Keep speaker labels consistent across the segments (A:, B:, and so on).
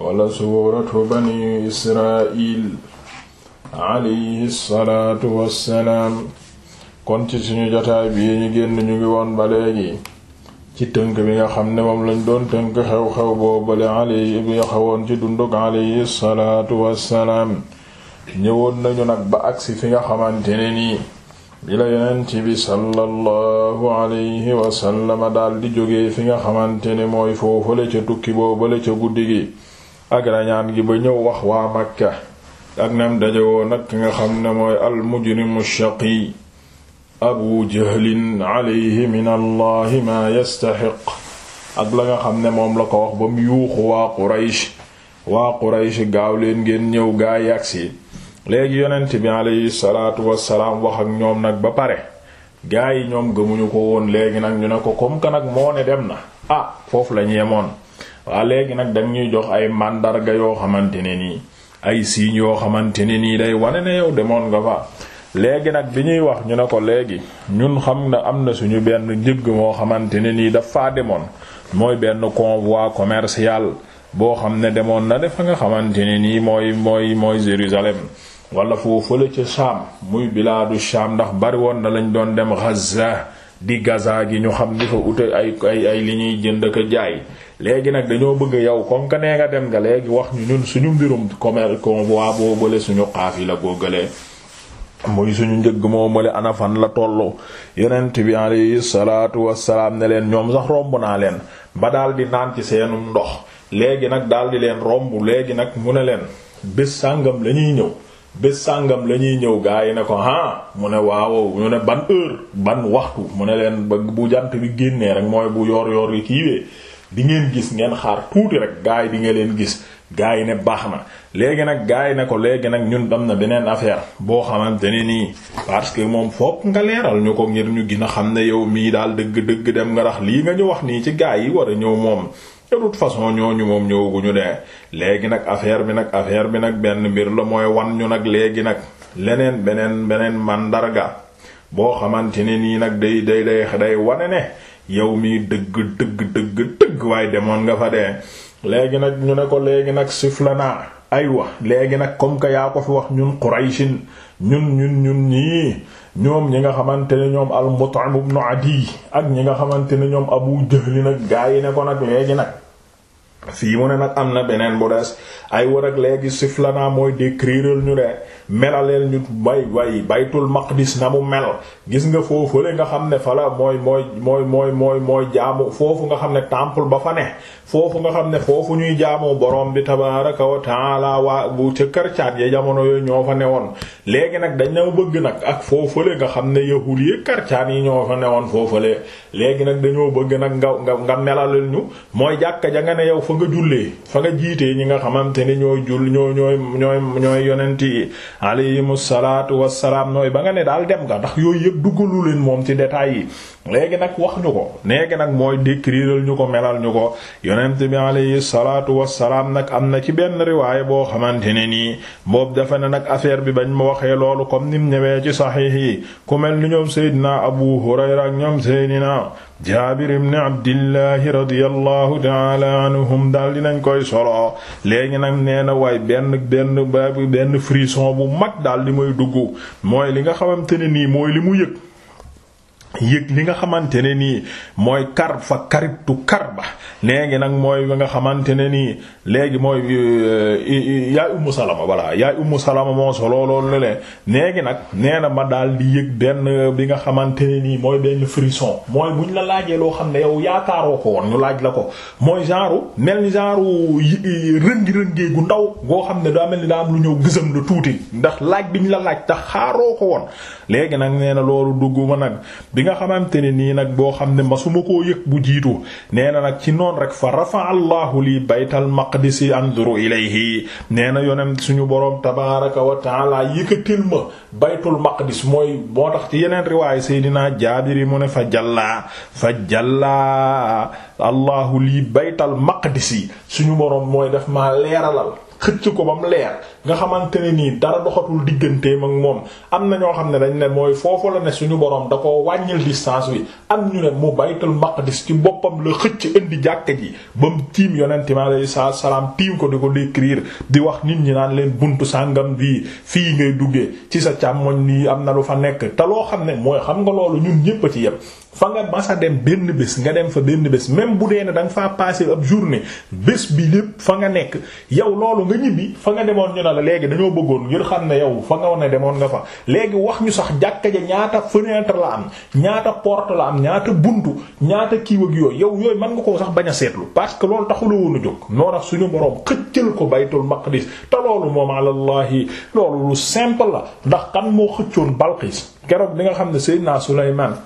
A: wala suuratu bani israil alayhi salaatu wassalaam kon ci suñu jotaay bii ñu génn ñu ngi woon ba léegi ci tënk bi nga xam ne moom lañ doon tënk xew-xew boobale alayhi bi xewoon ci dundug alayhi salaatu wassalaam ñëwoon nañu nag ba agsi fi nga xamante ne nii bi la yonent bi sallallahu alayhi wasallama daal di jógee fi nga xamante ne mooy foofale ca tukki boobale ca guddi gi ak rañaan gi ba ñëw wax waa Makka ak nam daje woo nag ki nga xam ne mooy al mujrimu shaqi abu jahlin alayhi min allahi maa yastaxiq ak la nga xam ne moom la ko wax ba mu yuuxu waa Quraysh waa Quraysh gaaw leen ngeen ñëw gaa yagsi léegi yonent bi alayhi salaatu wassalaam wax ak ñoom nag ba pare gaa yi ñoom gëmuñu ko woon léegi nag ñu ne ko comme que nag moo ne dem na ah foofu la ñu yemoon waa léegi nag danga ñuy jox ay màndarga yoo xamante ne nii ay signes yoo xamante ne nii day wane na yow demoon nga fa léegi nag bi ñuy wax ñu ne ko léegi ñun xam na am na suñu benn njëgg moo xamante ne nii dafa demoon mooy benn convoi commerciale boo xam ne demoon na defa nga xamante ne nii mooy mooy mooy Jérusalem wala foofu la ca Sham muy bilaadu Sham ndax bari woon na lañ doon dem Gaza di Gaza gi ñu xam di fa ut ay ay li ñuy jënd ak jaay léegi nag dañoo bëgg yow comme que nee nga dem nga léegi wax ñu ñun suñu mbirum commerce convoi boobale suñu xaafila googale muy suñu njëgg moo male ana fan la tollu yonent bi alayhi salaatu wassalaam ne leen ñoom sax romb naa leen ba daal di naan ci seenum ndox léegi nag daal di leen romb léegi nag mu ne leen bés sàngam lañuy ñëw bés sàngam lañuy ñëw gaa yi ne ko ah mu ne waaw mu ne ban heure ban waxtu mu ne leen ba bu jant bi génnee rek mooy bu yor-yor yi kiiwee bi ngeen gis ngeen xaar tuuti rek gaay bi nga leen gis gaay yi ne baax na léegi nag gaay ne ko léegi nag ñun am na beneen affaire boo xamante ne nii parce que moom fokk nga leeral ñu ko ngir ñu gina xam ne yow mii daal dëgg dëgg dem nga rax lii nga ñu wax nii ci gaay yi war a ñëw moom de toute façon ñooñu moom ñëwaguñu de léegi nag affaire bi nag affaire bi nag benn mbir la mooy wan ñu nag léegi nag leneen beneen beneen màndarga boo xamante ne nii nag day day day day wane ne yow mii dëgg dëgg dëgg dëgg waaye demoon nga fa dee léegi nag ñu ne ko léegi nag siflanaa aywa léegi nag comme que yaa ko fi wax ñun Qurayshin ñun ñun ñun ñii ñoom ñi nga xamante ne ñoom al Mut'im ibn Adi ak ñi nga xamante ni ñoom Abu Jahl nag gaa yi ne ko nag léegi nag fii mu ne nag am na beneen bu des ay war ak léegi siflanaa mooy décriral ñu de melaleel ñu bay bay baytul maqdis na mu mel gis nga foofule nga xam ne fala la mooy mooy mooy mooy mooy mooy jaamu foofu nga xam ne temple ba fa ne foofu nga xam ne foofu ñuy jaamoo borom bi tabaraka wa laa waa bu ca karcaat ya jamono yooyu ñoo fa woon léegi nag dañ na bëgg nag ak foofule nga xam ne yahud yi karcaan yi ñoo fa newoon foofule léegi nag dañoo bëgg nag nga nga nga melaleel ñu mooy jàkka ja nga fa nga jullee fa nga jiitee ñi nga xamante ne ñooy jull ñoo ñooy ñooy ñooy yonent yi alayhimu salaatu wassalaam nooy ba nga ne daal dem nga ndax yooyu yëpp duggalu leen moom ci détails yi léegi nag wax ñu ko léegi nag mooy décriral ñu ko melal ñu ko yonent bi alayhi salaatu wassalaam nag am na ci benn riwaay boo xamante ne nii boobu dafa ne nag affaire bi bañ ma waxee loolu comme ni mu ñëwee ci saxiix yi ku mel ni ñoom Seydina Abu Hurayra ak ñoom Seydina jaabir ibn abdillahi radiyallahu taala anhum daal dinañ koy solo léegi nag nee na waay benn benn benn frisson bu mag daal di may dugg mooy li nga xamante ne nii mooy li mu yëg yëg li nga xamante ne nii mooy kar fa karibtu ba léegi nag mooy nga xamante ne nii léegi mooy euh, yaay ummu salama voilà yaay ummu salama moo solo loolu le léegi nag nee na ma daal di yëg benn euh, bi nga xamante ne nii mooy benn frisson mooy buñ la laajee loo xam ne yow yaakaaroo ko woon ñu laaj la ko mooy genre mel ni genre rëngi-rëngee gu ndaw goo xam ne daa mel ni daa am lu ñëw gësam lu tuuti ndax laaj bi ñu la laaj tax xaaroo ko woon léegi nag nee na loolu dugg nga xamante ne nii nag boo xam ne masuma ko yëg bu jiitu nee na nag ci noon rek fa rafa allahu li baytal maqdisi anzuru ilayhi nee na yonem suñu boroom tabaraka wa taala yëkkatil ma baytul maqdis mooy boo tax ci yeneen riwaay seydinaa jaabir yi mu ne fa jallaa fa jallaa allahu li baytal maqdisi suñu boroom mooy def ma leeralal xëcc ko ba mu leer nga xamante ne nii dara doxatul digganteem ak moom am na ñoo xam ne dañ ne mooy foofu la ne suñu borom da ko wàññil distance bi am ñu ne mu baytul maqdis ci boppam la xëcc indi jàkka ji ba mu tiim yonent ma alayhi salaam tiim ko di ko décrire di wax nit ñi naan leen buntu sàngam bi fii ngay duggee ci sa càmmoñ nii am na lu fa nekk te loo xam ne mooy xam nga loolu ñun ñépp a ci yem fa nga masa dem benn bés nga dem fa benn bés même bu dee ne da faa passer ab journée bés bi lépp fa nga nekk yow loolu nga ñibbi fa nga demoon ñu ne la léegi dañoo bëggoon ngir xam ne yow fa nga woon ne demoon nga fa léegi wax ñu sax jàkka ja ñaata fenêtre la am ñaata porte la am ñaata buntu ñaata kiiw ak yooyu yow yooyu mën nga ko sax bañ a seetlu parce que loolu taxula woon a jóg noo tax suñu boroom xëccal ko baytul maqdis te loolu moom alallahi loolu lu simple la ndax kan moo xëccoon Balqis keroog bi nga xam ne Seydina Sulaymaan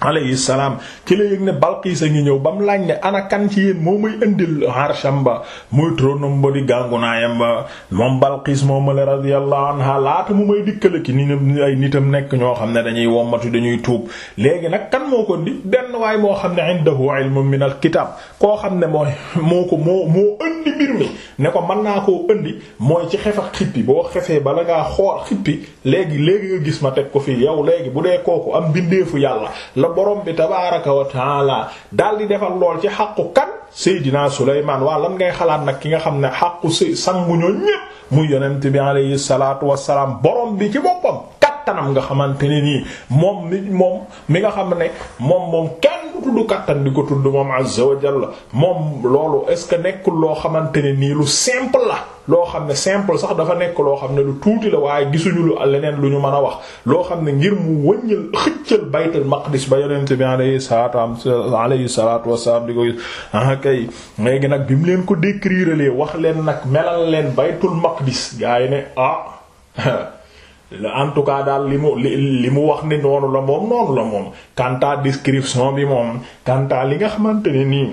A: alayhi salaam ci la yëg ne Balqiis a ngi ñëw ba mu laaj ne ana kan ci yéen moo may indil harsham ba muy tronam ba di gàngunaayam ba moom Balqiis moom ma la radiyallahu anha laata mu may dikkale ki ni ay nekk ñoo xam ne dañuy wommatu dañuy tuub léegi nag kan moo ko di benn waay moo xam ne indahu ilmu min al kitaab koo xam ne mooy moo ko moo moo indi mbir mi ne ko man naa koo indi mooy ci xef ak xippi boo xefee bala ngaa xool xippi léegi léegi nga gis ma teg ko fii yow léegi bu dee kooku am bindeefu yàlla la bi tabaaraka wa taala daal di defal lool ci xaqu kan Seydina Sulaymaan waa lan ngay xalaat nag ki nga xam ne xaqu si sangu ñoo ñépp muy yonent bi alayhi salaatu wa salaam borom bi ci boppam kattanam nga xamante ne nii moom mi moom mi nga xam ne moom moom kenn mu tudd kàttan di ko tudd moom azza wa jalla moom loolu est ce que nekkul loo xamante ne nii lu simple la loo xam ne simple sax dafa nekk loo xam ne lu tuuti la waaye gisuñu lu leneen lu ñu man a wax loo xam ne ngir mu wëññal xëccal baytul maqdis ba yonent bi alayhi salaatu alayhi salaatu wasalaam di ko gis ah kay léegi nag bi mu leen ko décrire wax leen nag melal leen baytul maqdis gaa yi ne ah en tout cas daal li mu li mu wax ni noonu la moom noonu la moom quant à bi moom quant li nga xamante ne nii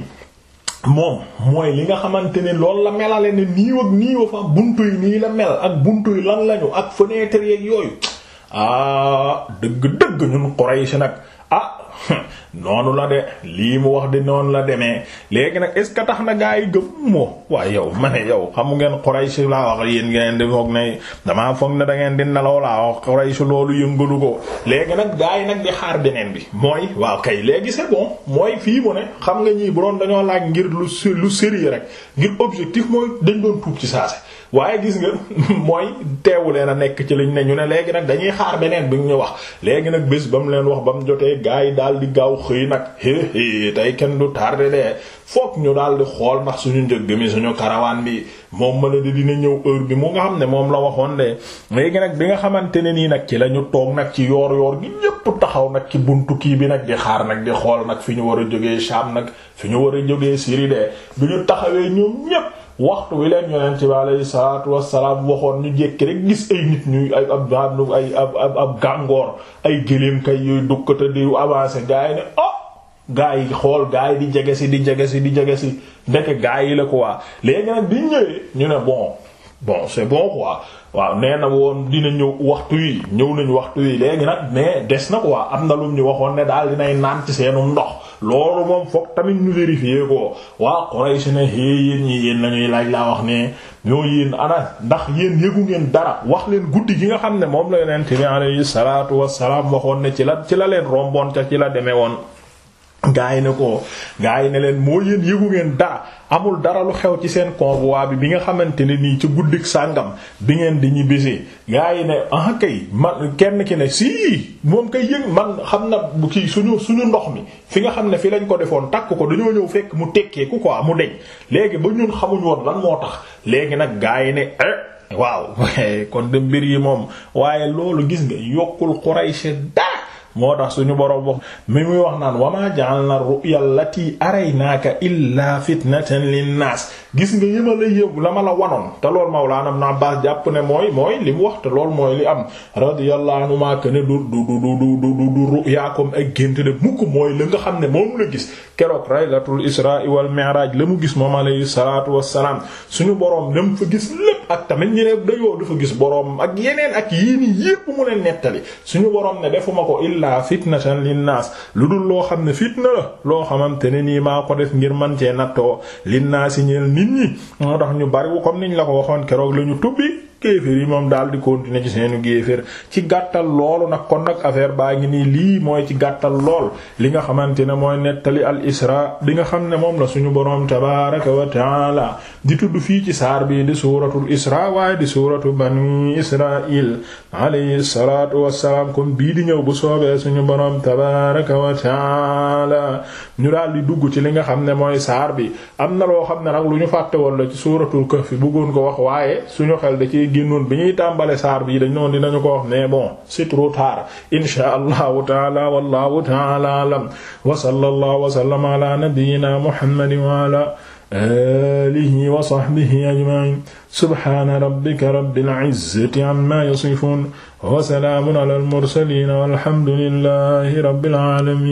A: moom mooy li nga xamante ne loolu la melale ni niiw ak niiw fa buntu yi nii la mel ak buntu yi lan lañu ak fenêtre yooyu ah dëgg-dëgg ñun Quraysh nag. noonu la de lii mu wax de noonu la demee léegi nag est ce que tax na gaa yi gëm moo waaye yow ma ne yow xamu ngeen Quraysh laa wax yéen ngeen di foog ne damaa foog ne da ngeen di nelaw laa wax si loolu yëngalu ko léegi nag gaa yi nag di xaar beneen bi mooy waaw kay léegi c'est mooy fii mu ne xam nga ñii bu doon dañoo laaj ngir lu lu sérieux rek ngir objectif mooy dañ doon tuub ci saase waaye gis nga mooy teewu leen a nekk ci liñ ne ñu ne léegi nag dañuy xaar beneen bi ñu wax léegi nag bis ba mu leen wax ba mu jotee gaa yi daal di gaaw xëy nag éé tey kenn du tardé dee fokk ñu daal di xool ndax suñu njëgg mi ñu karawaan bi moom ma la di dina ñëw heure bi mu nga xam ne moom la waxoon de léegi nag bi nga xamante ne nii nag ci lañu toog nag ci yoor yoor gi ñépp taxaw nag ci buntu kii bi nag di xaar nag di xool nag fi ñu war a jógee Sham nag fi ñu war a jógee Syrie de ñu taxawee ñoom ñépp waxtu wi leen yonent bi alayhi salaatu wassalaam waxoon ñu jékki rek gis ay nit ñuy ay ab ay ab ab gàngoor ay géléem kay yooyu dukkata di avancé gaa yi ne oh gaa xool gaa yi di jege si di jege si di jege si ndeke gaa yi la quoi léegi nag bi ñëwee ñu ne bon. bon c'est bon quoi waaw nee na woon dina ñëw waxtu yi ñëw nañu waxtu yi léegi nag mais des na waa am na lu ñu waxoon ne daal dinay naan ci seenum ndox loolu moom foog tamit ñu vérifier ko waa Quraysh ne hee yéen ñi yéen lañuy laaj laa wax ne ñoo yéen ana ndax yéen yëgu ngeen dara wax leen guddi gi nga xam ne moom la yonent bi alayhi salaatu wassalaam waxoon ne ci la ci la leen romboon ca ci la demee woon gaa yi ne ko gaa yi ne leen moo yéen yëgu ngeen dara amul dara lu xew ci seen convoi bi bi nga xamante ne nii ci guddi sàngam bi ngeen di ñibbisi gaa yi ne ah kay man kenn ki ne sii moom kay yëg man xam na bu kii suñu suñu ndox mi fi nga xam ne fi lañ ko defoon takk ko dañoo ñëw fekk mu tekkee ku ko mu deñ léegi ba ñun xamuñ woon lan moo tax léegi nag gaa yi ne eh waaw kon de mbir yi moom waaye loolu gis nga yokkul Quraysh da moo tax suñu boroom wax mi muy wax naan wama ja'alna naa allati araynaaka illa fitnatan linnaas gis nga ma la yëw la ma la wanoon te lool mawlaana ibn Abbaas jàpp ne mooy mooy li mu wax te lool mooy li am radiyallahu anhu ma ne du du du du du du ru'ya comme ak gént de mukk mooy la nga xam ne moom la gis keroog raylatul israa wal mi'raaj la mu gis moom alayhi salaatu wassalaam suñu boroom dem fa gis lépp ak tamit ñeneen dayoo dafa gis boroom ak yeneen ak yii nii yépp mu leen nettali suñu boroom ne defuma ko illaa fitnatan linnaas lu dul loo xam ne fitna la loo xamante ne nii maa ko def ngir man cee nattoo linnaasi ñeel nit ñi moo tax ñu bari comme niñ la ko waxoon keroog lañu tubbi kéefér yi moom daal di continuer ci seenu géefér ci gàttal loolu nag kon nag affaire baa ngi nii lii mooy ci gàttal lool li nga xamante ne mooy nettali al isra li nga xam ne moom la suñu boroom tabaraka wa taala di tudd fii ci saar bii di suuratul isra waaye di suuratu bani israil alayhi salatu wassalaam kon bii di ñëw bu soobee suñu boroom tabaraka wa ñu daal di dugg ci li nga xam ne mooy saar bi am na loo xam ne nag lu ñu fàtte woon ci suuratul génnoon bi ñuy tàmbale saar bii dañ noon dinañu ko wax mais bon c'est trop tard insha allahu taala wallahu taala alam wa sallallahu wa sallama ala nabiyyina muhammadin wa ala alihi wa sahbihi ajma'in subhana rabbika rabbil izzati amma yasifun wa salamun ala al mursalin walhamdulillahi rabbil alamin